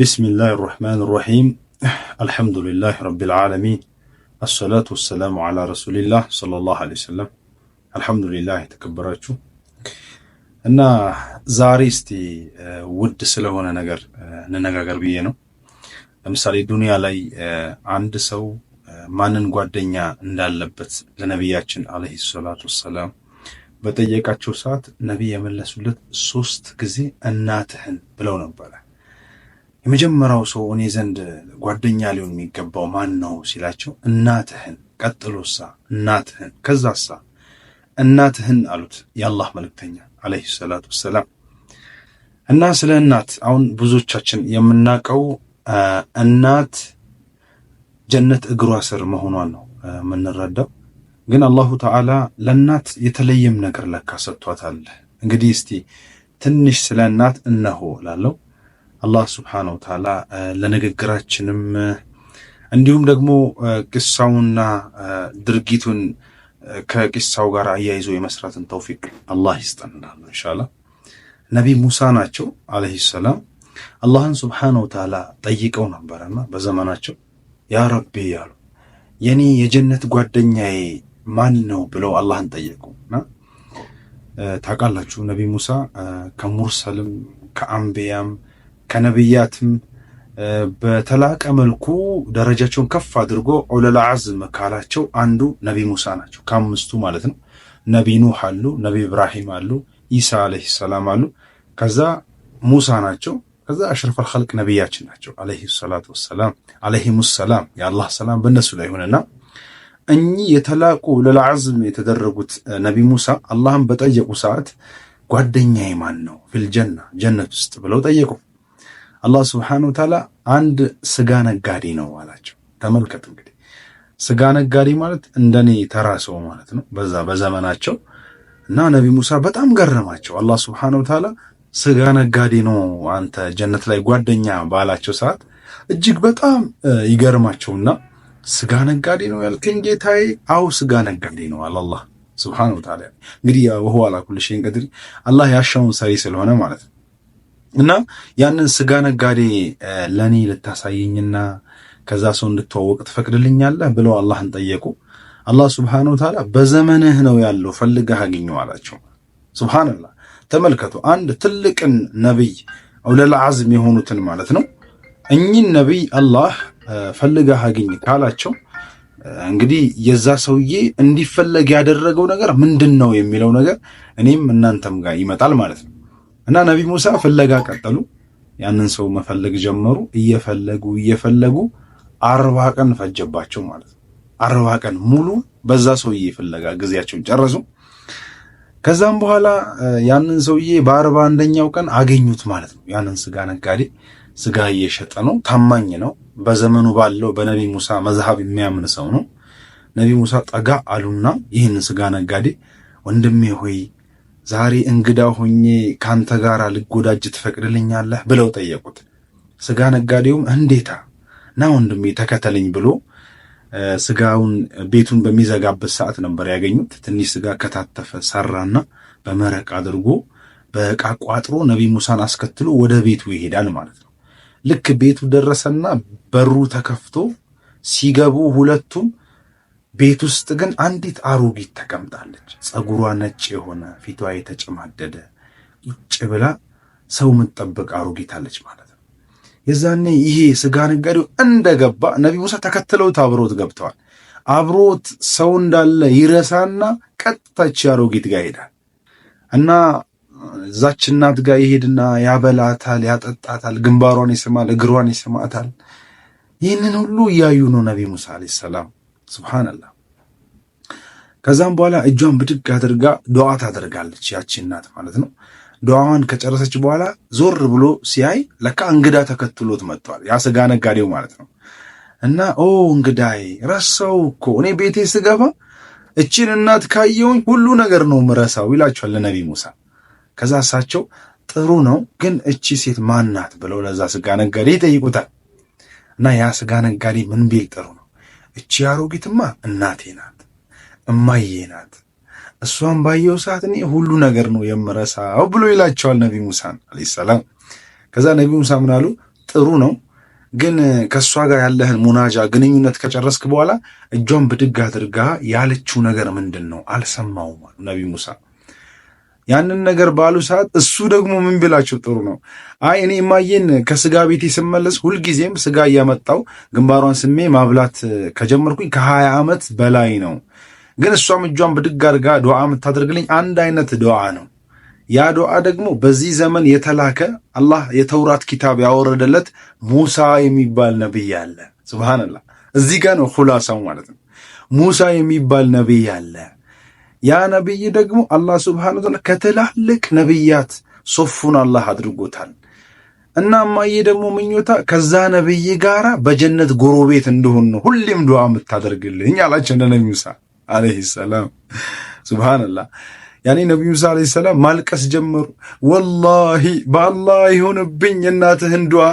Bismillah ar-Rahman ar-Rahim. Alhamdulillah Rabbil Alamin. አሰላቱ ወሰላሙ አላ ረሱሊላህ ሰለላሁ ዐለይሂ ወሰለም። አልሐምዱሊላህ የተከበራችሁ እና ዛሬ እስቲ ውድ ስለሆነ ነገር እንነጋገር ብዬ ነው። ለምሳሌ ዱንያ ላይ አንድ ሰው ማንን ጓደኛ እንዳለበት ለነቢያችን አለይሂ ሰላቱ ወሰላም በጠየቃቸው ሰዓት ነቢይ የመለሱለት ሶስት ጊዜ እናትህን ብለው ነበረ። የመጀመሪያው ሰው እኔ ዘንድ ጓደኛ ሊሆን የሚገባው ማን ነው ሲላቸው፣ እናትህን። ቀጥሎሳ እናትህን፣ ከዛሳ እናትህን አሉት የአላህ መልእክተኛ ዓለይሂ ሰላቱ ወሰላም። እና ስለ እናት አሁን ብዙዎቻችን የምናውቀው እናት ጀነት እግሯ ስር መሆኗን ነው የምንረዳው። ግን አላሁ ተዓላ ለእናት የተለየም ነገር ለካ ሰጥቷታል። እንግዲህ እስቲ ትንሽ ስለ እናት እነሆ ላለው አላህ ስብሓነሁ ወተዓላ ለንግግራችንም እንዲሁም ደግሞ ቂሳውና ድርጊቱን ከቂሳው ጋር አያይዞ የመስራትን ተውፊቅ አላህ ይስጠናል። እንሻላ ነቢ ሙሳ ናቸው አለይሂ ሰላም አላህን ስብሓነሁ ወተዓላ ጠይቀው ነበረና በዘመናቸው ያ ረቢ ያሉ የኔ የጀነት ጓደኛዬ ማን ነው ብለው አላህን ጠየቁ እና ታውቃላችሁ ነቢ ሙሳ ከሙርሰልም ከአንቢያም ከነቢያትም በተላቀ መልኩ ደረጃቸውን ከፍ አድርጎ ዑለል አዝም ካላቸው አንዱ ነቢ ሙሳ ናቸው። ከአምስቱ ማለት ነው። ነቢ ኑህ አሉ፣ ነቢ ኢብራሂም አሉ፣ ኢሳ ዓለይሂ ሰላም አሉ፣ ከዛ ሙሳ ናቸው። ከዛ አሽረፈል ኸልቅ ነቢያችን ናቸው ዓለይሂ ሰላቱ ወሰላም። ዓለይሂሙ ሰላም የአላህ ሰላም በእነሱ ላይ ሆነና እኚህ የተላቁ ዑለል አዝም የተደረጉት ነቢ ሙሳ አላህም በጠየቁ ሰዓት ጓደኛዬ ማን ነው ፊልጀና ጀነት ውስጥ ብለው ጠየቁ። አላህ ስብሓነሁ ወተዓላ አንድ ስጋ ነጋዴ ነው አላቸው። ተመልከት እንግዲህ ስጋ ነጋዴ ማለት እንደኔ ተራ ሰው ማለት ነው በዛ በዘመናቸው እና ነቢ ሙሳ በጣም ገረማቸው። አላህ ስብሓነሁ ወተዓላ ስጋ ነጋዴ ነው አንተ ጀነት ላይ ጓደኛ ባላቸው ሰዓት እጅግ በጣም ይገርማቸውና ስጋ ነጋዴ ነው ያልከኝ ጌታዬ? አዎ ስጋ ነጋዴ ነው አላህ ስብሓነሁ ወተዓላ። እንግዲህ ወሁወ ዐላ ኩሊ ሸይኢን ቀዲር አላህ ያሻውን ሰሪ ስለሆነ ማለት ነው እና ያንን ስጋ ነጋዴ ለእኔ ልታሳየኝና ከዛ ሰው እንድትዋወቅ ትፈቅድልኛለህ ብለው አላህን ጠየቁ። አላህ ስብሐነሁ ወተዓላ በዘመንህ ነው ያለው ፈልገህ አግኘው አላቸው። ስብሐነላህ ተመልከቱ። አንድ ትልቅን ነቢይ ኡሉል አዝም የሆኑትን ማለት ነው። እኚህን ነቢይ አላህ ፈልገህ አግኝ ካላቸው እንግዲህ የዛ ሰውዬ እንዲፈለግ ያደረገው ነገር ምንድን ነው የሚለው ነገር እኔም እናንተም ጋር ይመጣል ማለት ነው። እና ነቢ ሙሳ ፍለጋ ቀጠሉ። ያንን ሰው መፈለግ ጀመሩ። እየፈለጉ እየፈለጉ አርባ ቀን ፈጀባቸው ማለት ነው። አርባ ቀን ሙሉ በዛ ሰውዬ ፍለጋ ጊዜያቸውን ጨረሱ። ከዛም በኋላ ያንን ሰውዬ በአርባ አንደኛው ቀን አገኙት ማለት ነው። ያንን ስጋ ነጋዴ ስጋ እየሸጠ ነው። ታማኝ ነው። በዘመኑ ባለው በነቢ ሙሳ መዝሃብ የሚያምን ሰው ነው። ነቢ ሙሳ ጠጋ አሉና ይህን ስጋ ነጋዴ ወንድሜ ሆይ ዛሬ እንግዳ ሆኜ ካንተ ጋር ልጎዳጅ ትፈቅድልኛለህ? ብለው ጠየቁት። ስጋ ነጋዴውም እንዴታ ና ወንድሜ ተከተለኝ ብሎ ስጋውን ቤቱን በሚዘጋበት ሰዓት ነበር ያገኙት። ትንሽ ስጋ ከታተፈ ሰራና በመረቅ አድርጎ በዕቃ ቋጥሮ ነቢ ሙሳን አስከትሎ ወደ ቤቱ ይሄዳል ማለት ነው። ልክ ቤቱ ደረሰና በሩ ተከፍቶ ሲገቡ ሁለቱም ቤት ውስጥ ግን አንዲት አሮጊት ተቀምጣለች። ጸጉሯ ነጭ የሆነ ፊቷ የተጨማደደ ቁጭ ብላ ሰው የምትጠብቅ አሮጊት አለች ማለት ነው። የዛኔ ይሄ ስጋ ነጋዴው እንደገባ ነቢ ሙሳ ተከትለውት አብሮት ገብተዋል። አብሮት ሰው እንዳለ ይረሳና ቀጥታች አሮጊት ጋር ይሄዳል እና እዛች እናት ጋር ይሄድና ያበላታል፣ ያጠጣታል፣ ግንባሯን ይስማል፣ እግሯን ይስማታል። ይህንን ሁሉ እያዩ ነው ነቢ ሙሳ አለይሂ ሰላም ስብሓንላህ። ከዛም በኋላ እጇን ብድግ አድርጋ ዱዓ ታደርጋለች፣ ያቺ እናት ማለት ነው። ዱዓዋን ከጨረሰች በኋላ ዞር ብሎ ሲያይ ለካ እንግዳ ተከትሎት መጥቷል። ያ ስጋ ነጋዴው ማለት ነው። እና ኦ እንግዳይ ረሳው እኮ እኔ ቤቴ ስገባ እችን እናት ካየውኝ ሁሉ ነገር ነው ምረሳው ይላቸዋል ለነቢ ሙሳ። ከዛ እሳቸው ጥሩ ነው ግን እቺ ሴት ማናት ብለው ለዛ ስጋ ነጋዴ ይጠይቁታል። እና ያ ስጋ ነጋዴ ምን ቢል ጥሩ ነው እቺ አሮጊትማ እናቴ ናት፣ እማዬ ናት። እሷን ባየው ሰዓት እኔ ሁሉ ነገር ነው የምረሳው ብሎ ይላቸዋል ነቢ ሙሳን ዓለይሂ ሰላም። ከዛ ነቢ ሙሳ ምን አሉ? ጥሩ ነው ግን ከእሷ ጋር ያለህን ሙናጃ ግንኙነት ከጨረስክ በኋላ እጇን ብድግ አድርጋ ያለችው ነገር ምንድን ነው? አልሰማውም ነቢ ሙሳ ያንን ነገር ባሉ ሰዓት እሱ ደግሞ ምን ቢላቸው ጥሩ ነው? አይ እኔ እማዬን ከስጋ ቤቴ ስመለስ ሁልጊዜም ስጋ እያመጣው ግንባሯን ስሜ ማብላት ከጀመርኩኝ ከሀያ ዓመት በላይ ነው። ግን እሷም እጇን ብድግ አድርጋ ዱዓ የምታደርግልኝ አንድ አይነት ዱዓ ነው። ያ ዱዓ ደግሞ በዚህ ዘመን የተላከ አላህ የተውራት ኪታብ ያወረደለት ሙሳ የሚባል ነብይ አለ። ስብሓንላህ እዚህ ጋር ነው ሁላሳው ማለት ነው። ሙሳ የሚባል ነብይ አለ ያ ነቢይ ደግሞ አላህ ስብሐነ ወተዓላ ከትላልቅ ነቢያት ሶፉን አላህ አድርጎታል። እና እማዬ ደግሞ ምኞታ ከዛ ነቢይ ጋራ በጀነት ጎረቤት እንደሆን ነው ሁሌም ዱዓ የምታደርግልኝ አላቸው። እንደ ነቢ ሙሳ አለይሂ ሰላም ሱብሃነላህ። ያኔ ነቢ ሙሳ አለይሂ ሰላም ማልቀስ ጀመሩ። ወላሂ በአላህ ይሁንብኝ እናትህን ዱዓ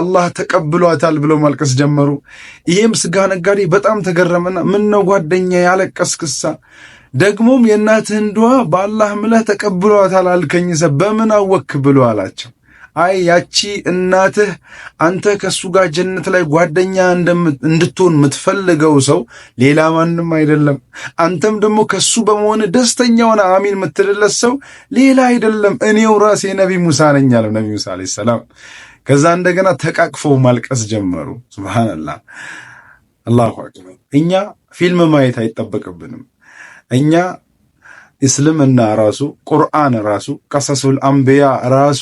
አላህ ተቀብሏታል ብለው ማልቀስ ጀመሩ። ይሄም ስጋ ነጋዴ በጣም ተገረመና ምን ነው ጓደኛ ያለቀስክሳ ደግሞም የእናትህን ድዋ በአላህ ምለህ ተቀብሏታል ሰ በምን አወክ ብሎ አላቸው። አይ ያቺ እናትህ አንተ ከእሱ ጋር ጀነት ላይ ጓደኛ እንድትሆን የምትፈልገው ሰው ሌላ ማንም አይደለም። አንተም ደግሞ ከእሱ በመሆን ደስተኛውን አሚን የምትልለት ሰው ሌላ አይደለም፣ እኔው ራሴ ነቢ ሙሳ ነኝ አለው ነቢ ሙሳ ዓለይሂ ሰላም። ከዛ እንደገና ተቃቅፈው ማልቀስ ጀመሩ። ሱብሃነላህ፣ አላሁ አክበር። እኛ ፊልም ማየት አይጠበቅብንም። እኛ እስልምና ራሱ ቁርአን ራሱ ቀሰሱል አንቢያ ራሱ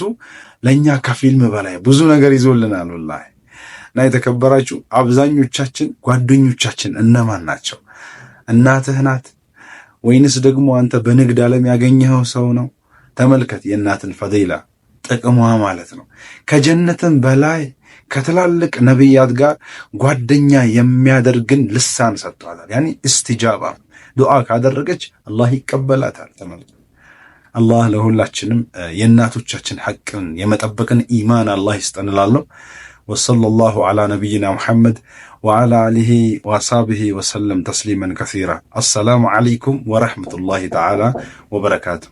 ለእኛ ከፊልም በላይ ብዙ ነገር ይዞልናል። ወላሂ እና የተከበራችሁ አብዛኞቻችን ጓደኞቻችን እነማን ናቸው? እናትህ ናት ወይንስ ደግሞ አንተ በንግድ ዓለም ያገኘኸው ሰው ነው? ተመልከት የእናትን ፈዲላ ጥቅሟ ማለት ነው። ከጀነትም በላይ ከትላልቅ ነቢያት ጋር ጓደኛ የሚያደርግን ልሳን ሰጥቷታል። ያኒ እስትጃባ ዱዓ ካደረገች አላህ ይቀበላታል። ተመልከቱ። አላህ ለሁላችንም የእናቶቻችን ሐቅን የመጠበቅን ኢማን አላህ ይስጠን ወሰለላሁ ዐላ ነቢይና ሙሐመድ ወዐላ አሊሂ ወአስሐቢሂ ወሰለም ተስሊመን ከሲራ። አሰላሙ ዐለይኩም ወረሕመቱላሂ ተዓላ ወበረካቱ።